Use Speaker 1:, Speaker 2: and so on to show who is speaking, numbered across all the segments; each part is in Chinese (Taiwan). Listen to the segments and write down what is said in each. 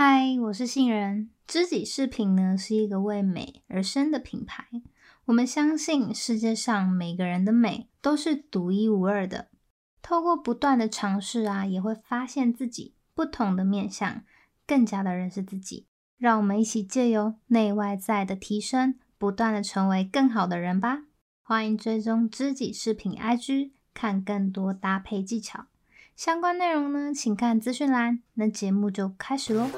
Speaker 1: 嗨，Hi, 我是杏仁，知己飾品呢是一個為美而生的品牌。我們相信世界上每個人的美都是獨一無二的。透過不斷的嘗試啊，也會發現自己不同的面相，更加的認識自己。讓我們一起借由內外在的提升，不斷的成為更好的人吧。歡迎追蹤知己飾品 IG，看更多搭配技巧。相關內容呢，請看資訊欄。那節目就開始嘍！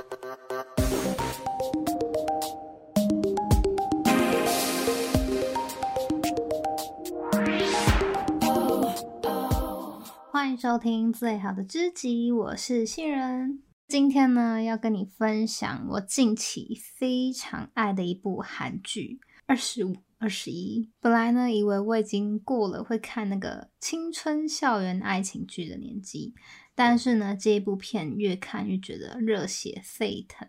Speaker 1: 哦哦、歡迎收聽《最好的知己》，我是杏仁。今天呢，要跟你分享我近期非常愛的一部韓劇，25《二十五》。二十一，本來呢，以為我已經過了會看那個青春校園愛情劇的年紀，但是呢，這一部片越看越覺得熱血沸騰。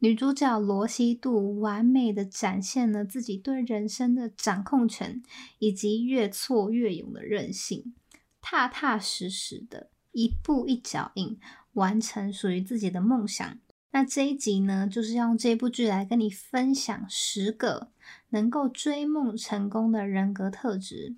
Speaker 1: 女主角羅希度完美的展現了自己對人生的掌控權，以及越挫越勇的韌性，踏踏實實的一步一腳印，完成屬於自己的夢想。那這一集呢，就是用這部劇來跟你分享十個能夠追夢成功的人格特質。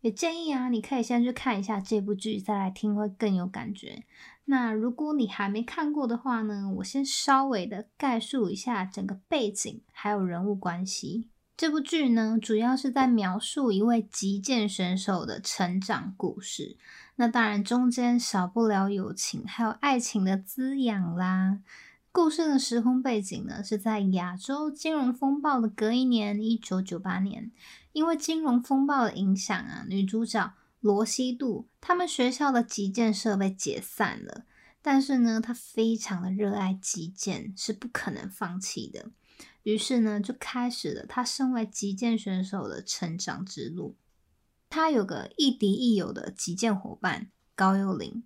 Speaker 1: 也建議啊，你可以先去看一下這部劇，再來聽會更有感覺。那如果你還沒看過的話呢，我先稍微的概述一下整個背景還有人物關係。這部劇呢，主要是在描述一位擊劍選手的成長故事。那當然中間少不了友情還有愛情的滋養啦。故事的時空背景呢，是在亞洲金融風暴的隔一年，一九九八年。因為金融風暴的影響啊，女主角羅希度，他們學校的擊劍社被解散了。但是呢，她非常的熱愛擊劍，是不可能放棄的。於是呢，就開始了她身為擊劍選手的成長之路。她有個亦敵亦友的擊劍夥伴高幽靈。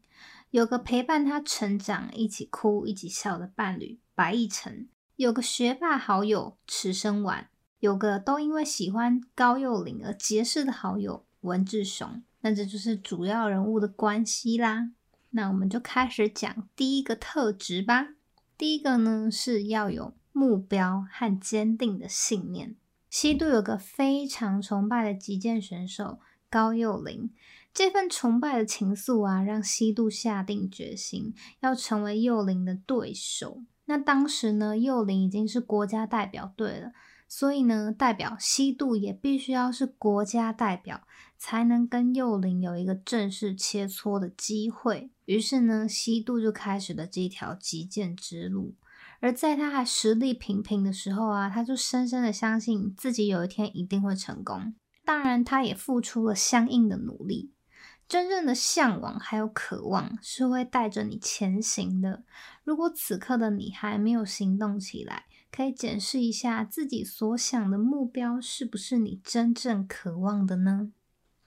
Speaker 1: 有個陪伴他成長、一起哭、一起笑的伴侶白亦辰；有個學霸好友池生晚，有個都因為喜歡高幼玲而結識的好友文志雄。那這就是主要人物的關係啦。那我們就開始講第一個特質吧。第一個呢是要有目標和堅定的信念。西都有個非常崇拜的擊劍選手高幼玲。這份崇拜的情愫啊，讓希度下定決心要成為裕琳的對手。那當時呢，裕琳已經是國家代表隊了，所以呢，代表希度也必須要是國家代表，才能跟裕琳有一個正式切磋的機會。於是呢，希度就開始了這條擊劍之路。而在他還實力平平的時候啊，他就深深的相信自己有一天一定會成功。當然，他也付出了相應的努力。真正的嚮往還有渴望是會帶着你前行的。如果此刻的你還沒有行動起來，可以檢視一下自己所想的目標是不是你真正渴望的呢？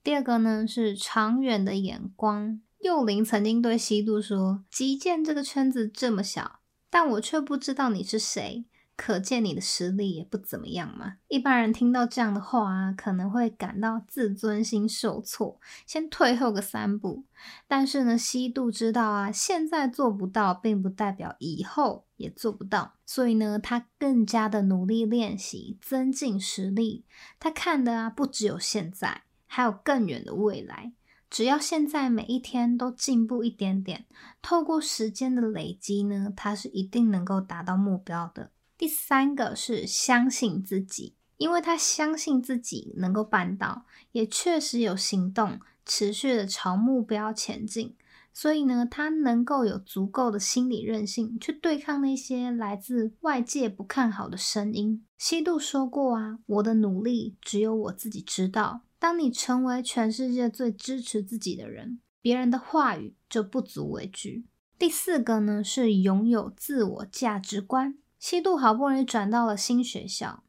Speaker 1: 第二個呢，是長遠的眼光。宥琳曾經對希度說：“擊劍這個圈子這麼小，但我卻不知道你是誰。”可見你的實力也不怎麼樣嘛。一般人聽到這樣的話啊，可能會感到自尊心受挫，先退後個三步。但是呢，希度知道啊，現在做不到，並不代表以後也做不到。所以呢，他更加的努力練習，增進實力。他看的啊，不只有現在，還有更遠的未來。只要現在每一天都進步一點點，透過時間的累積呢，他是一定能夠達到目標的。第三個是相信自己，因為他相信自己能夠辦到，也確實有行動，持續的朝目標前進，所以呢，他能夠有足夠的心理韌性去對抗那些來自外界不看好的聲音。希度說過啊，我的努力只有我自己知道。當你成為全世界最支持自己的人，別人的話語就不足為懼。第四個呢，是擁有自我價值觀。希度好不容易轉到了新學校，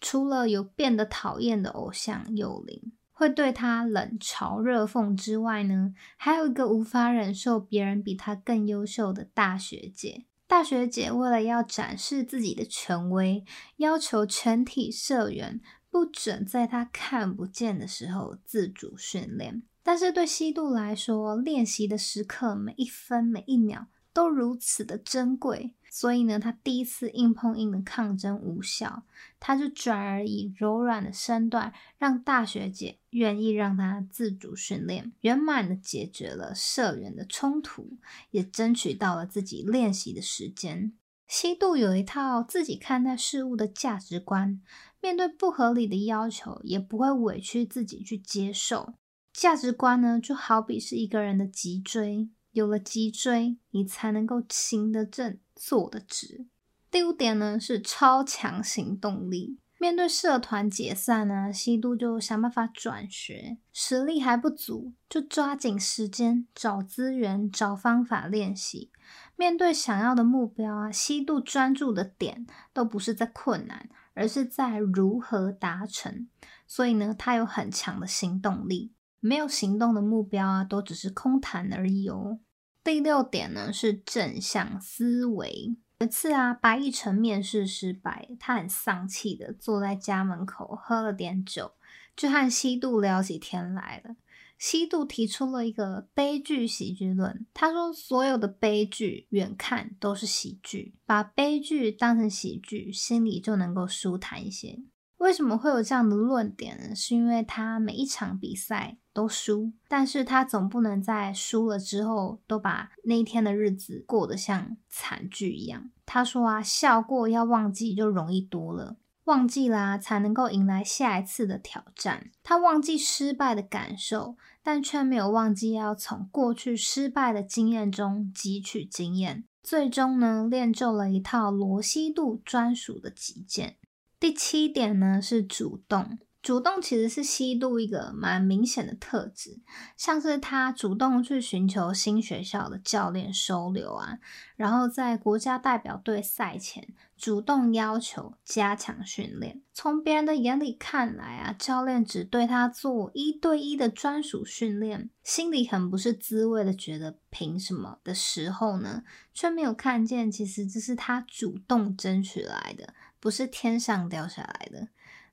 Speaker 1: 除了有變得討厭的偶像幼靈會對她冷嘲熱諷之外呢，還有一個無法忍受別人比她更優秀的大學姐。大學姐為了要展示自己的權威，要求全體社員不准在她看不見的時候自主訓練。但是對希度來說，練習的時刻每一分每一秒，都如此的珍貴，所以呢，他第一次硬碰硬的抗爭無效，他就轉而以柔軟的身段，讓大學姐願意讓他自主訓練，圓滿地解決了社員的衝突，也爭取到了自己練習的時間。希度有一套自己看待事物的價值觀，面對不合理的要求，也不會委屈自己去接受。價值觀呢，就好比是一個人的脊椎。有了脊椎，你才能夠行得正，坐得直。第五點呢是超強行動力。面對社團解散呢、啊，希度就想辦法轉學；實力還不足，就抓緊時間找資源、找方法練習。面對想要的目標啊，希度專注的點都不是在困難，而是在如何達成。所以呢，他有很強的行動力。沒有行動的目標啊，都只是空談而已哦。第六點呢，是正向思維。有一次啊，白易辰面試失敗，他很喪氣的坐在家門口，喝了點酒，就和希度聊起天來了。希度提出了一個悲劇喜劇論，他說所有的悲劇遠看都是喜劇，把悲劇當成喜劇，心裡就能夠舒坦一些。為什麼會有這樣的論點呢？是因為他每一場比賽都輸，但是他總不能在輸了之後都把那一天的日子過得像慘劇一樣。他說啊，笑過要忘記就容易多了，忘記啦、啊、才能夠迎來下一次的挑戰。他忘記失敗的感受，但卻沒有忘記要從過去失敗的經驗中汲取經驗，最終呢練就了一套羅希度專屬的擊劍。第七點呢是主動。主動其實是希度一個蠻明顯的特質，像是他主動去尋求新學校的教練收留啊，然後在國家代表隊賽前主動要求加強訓練。從別人的眼裡看來啊，教練只對他做一對一的專屬訓練，心裡很不是滋味的，覺得憑什麼的時候呢，卻沒有看見，其實這是他主動爭取來的，不是天上掉下來的。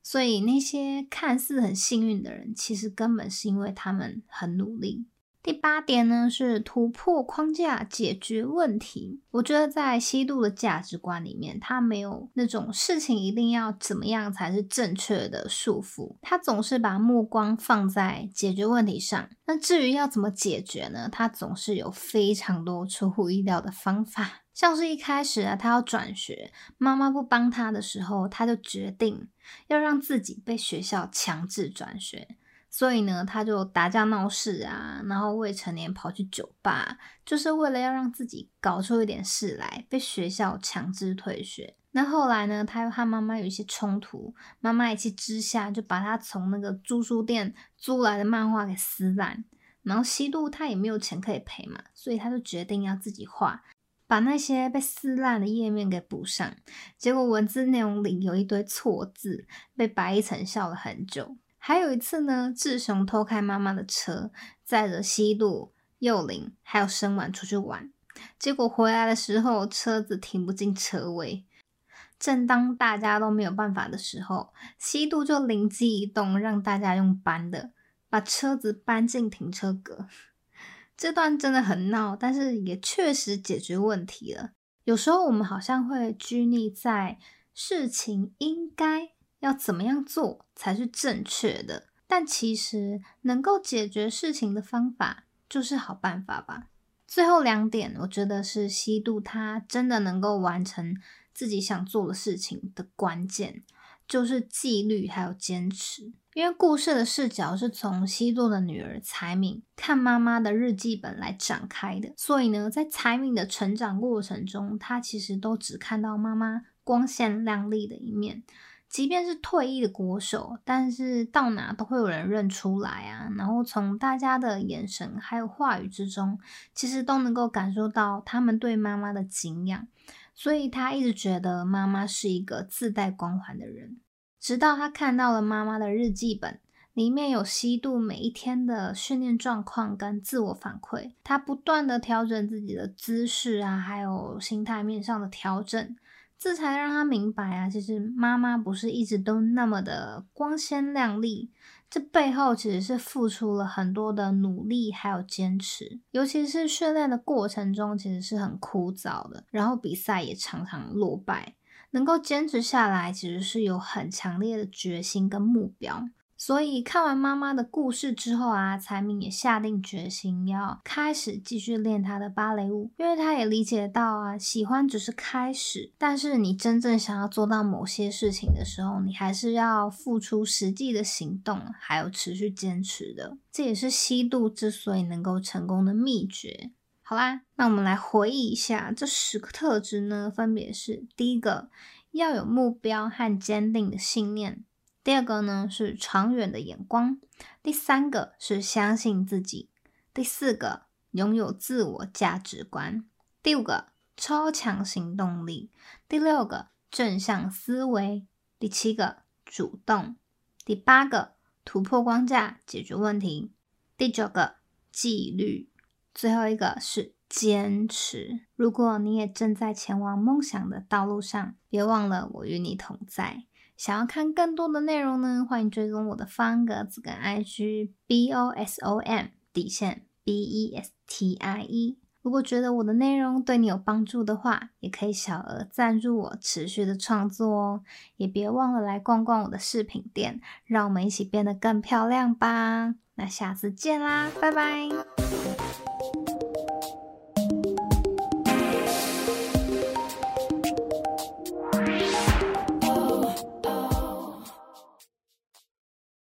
Speaker 1: 所以那些看似很幸運的人，其實根本是因為他們很努力。第八點呢，是突破框架解決問題。我覺得在希度的價值觀裡面，他沒有那種事情一定要怎麼樣才是正確的束縛，他總是把目光放在解決問題上。那至於要怎麼解決呢？他總是有非常多出乎意料的方法。像是一開始啊，他要轉學，媽媽不幫他的時候，他就決定要讓自己被學校強制轉學。所以呢，他就打架鬧事啊，然後未成年跑去酒吧，就是為了要讓自己搞出一點事來，被學校強制退學。那後來呢，他又和媽媽有一些衝突，媽媽一氣之下就把他從那個租書店租來的漫畫給撕爛。然後希度，他也沒有錢可以賠嘛，所以他就決定要自己畫。把那些被撕爛的頁面給補上，結果文字內容裡有一堆錯字，被白易辰笑了很久。還有一次呢，志雄偷開媽媽的車，載着希度、宥琳還有承玩出去玩，結果回來的時候車子停不進車位。正當大家都沒有辦法的時候，希度就靈機一動，讓大家用搬的把車子搬進停車格。這段真的很鬧，但是也確實解決問題了。有時候我們好像會拘泥在事情應該要怎麼樣做才是正確的，但其實能夠解決事情的方法就是好辦法吧。最後兩點，我覺得是希度他真的能夠完成自己想做的事情的關鍵。就是紀律還有堅持，因為故事的視角是從希度的女兒彩敏看媽媽的日記本來展開的，所以呢，在彩敏的成長過程中，她其實都只看到媽媽光鮮亮麗的一面，即便是退役的國手，但是到哪都會有人認出來啊，然後從大家的眼神還有話語之中，其實都能夠感受到他們對媽媽的敬仰。所以，他一直覺得媽媽是一個自帶光環的人。直到他看到了媽媽的日記本，裡面有希度每一天的訓練狀況跟自我反饋，他不斷的調整自己的姿勢啊，還有心態面上的調整。這才讓他明白啊，其實媽媽不是一直都那麼的光鮮亮麗，這背後其實是付出了很多的努力還有堅持。尤其是訓練的過程中，其實是很枯燥的，然後比賽也常常落敗，能夠堅持下來，其實是有很強烈的決心跟目標。所以看完媽媽的故事之後啊，財明也下定決心要開始繼續練他的芭蕾舞，因為他也理解到啊，喜歡只是開始，但是你真正想要做到某些事情的時候，你還是要付出實際的行動，還有持續堅持的。這也是希度之所以能夠成功的秘訣。好啦，那我們來回憶一下這十個特質呢，分別是：第一個，要有目標和堅定的信念。第二個呢是長遠的眼光，第三個是相信自己，第四個擁有自我價值觀，第五個超強行動力，第六個正向思維，第七個主動，第八個突破框架解決問題，第九個紀律，最後一個是堅持。如果你也正在前往夢想的道路上，別忘了我與你同在。想要看更多的內容呢，歡迎追蹤我的方格子跟 IG B O S O M 底線 B E S T I E。如果覺得我的內容對你有幫助的話，也可以小額贊助我持續的創作哦。也別忘了來逛逛我的飾品店，讓我們一起變得更漂亮吧。那下次見啦，拜拜。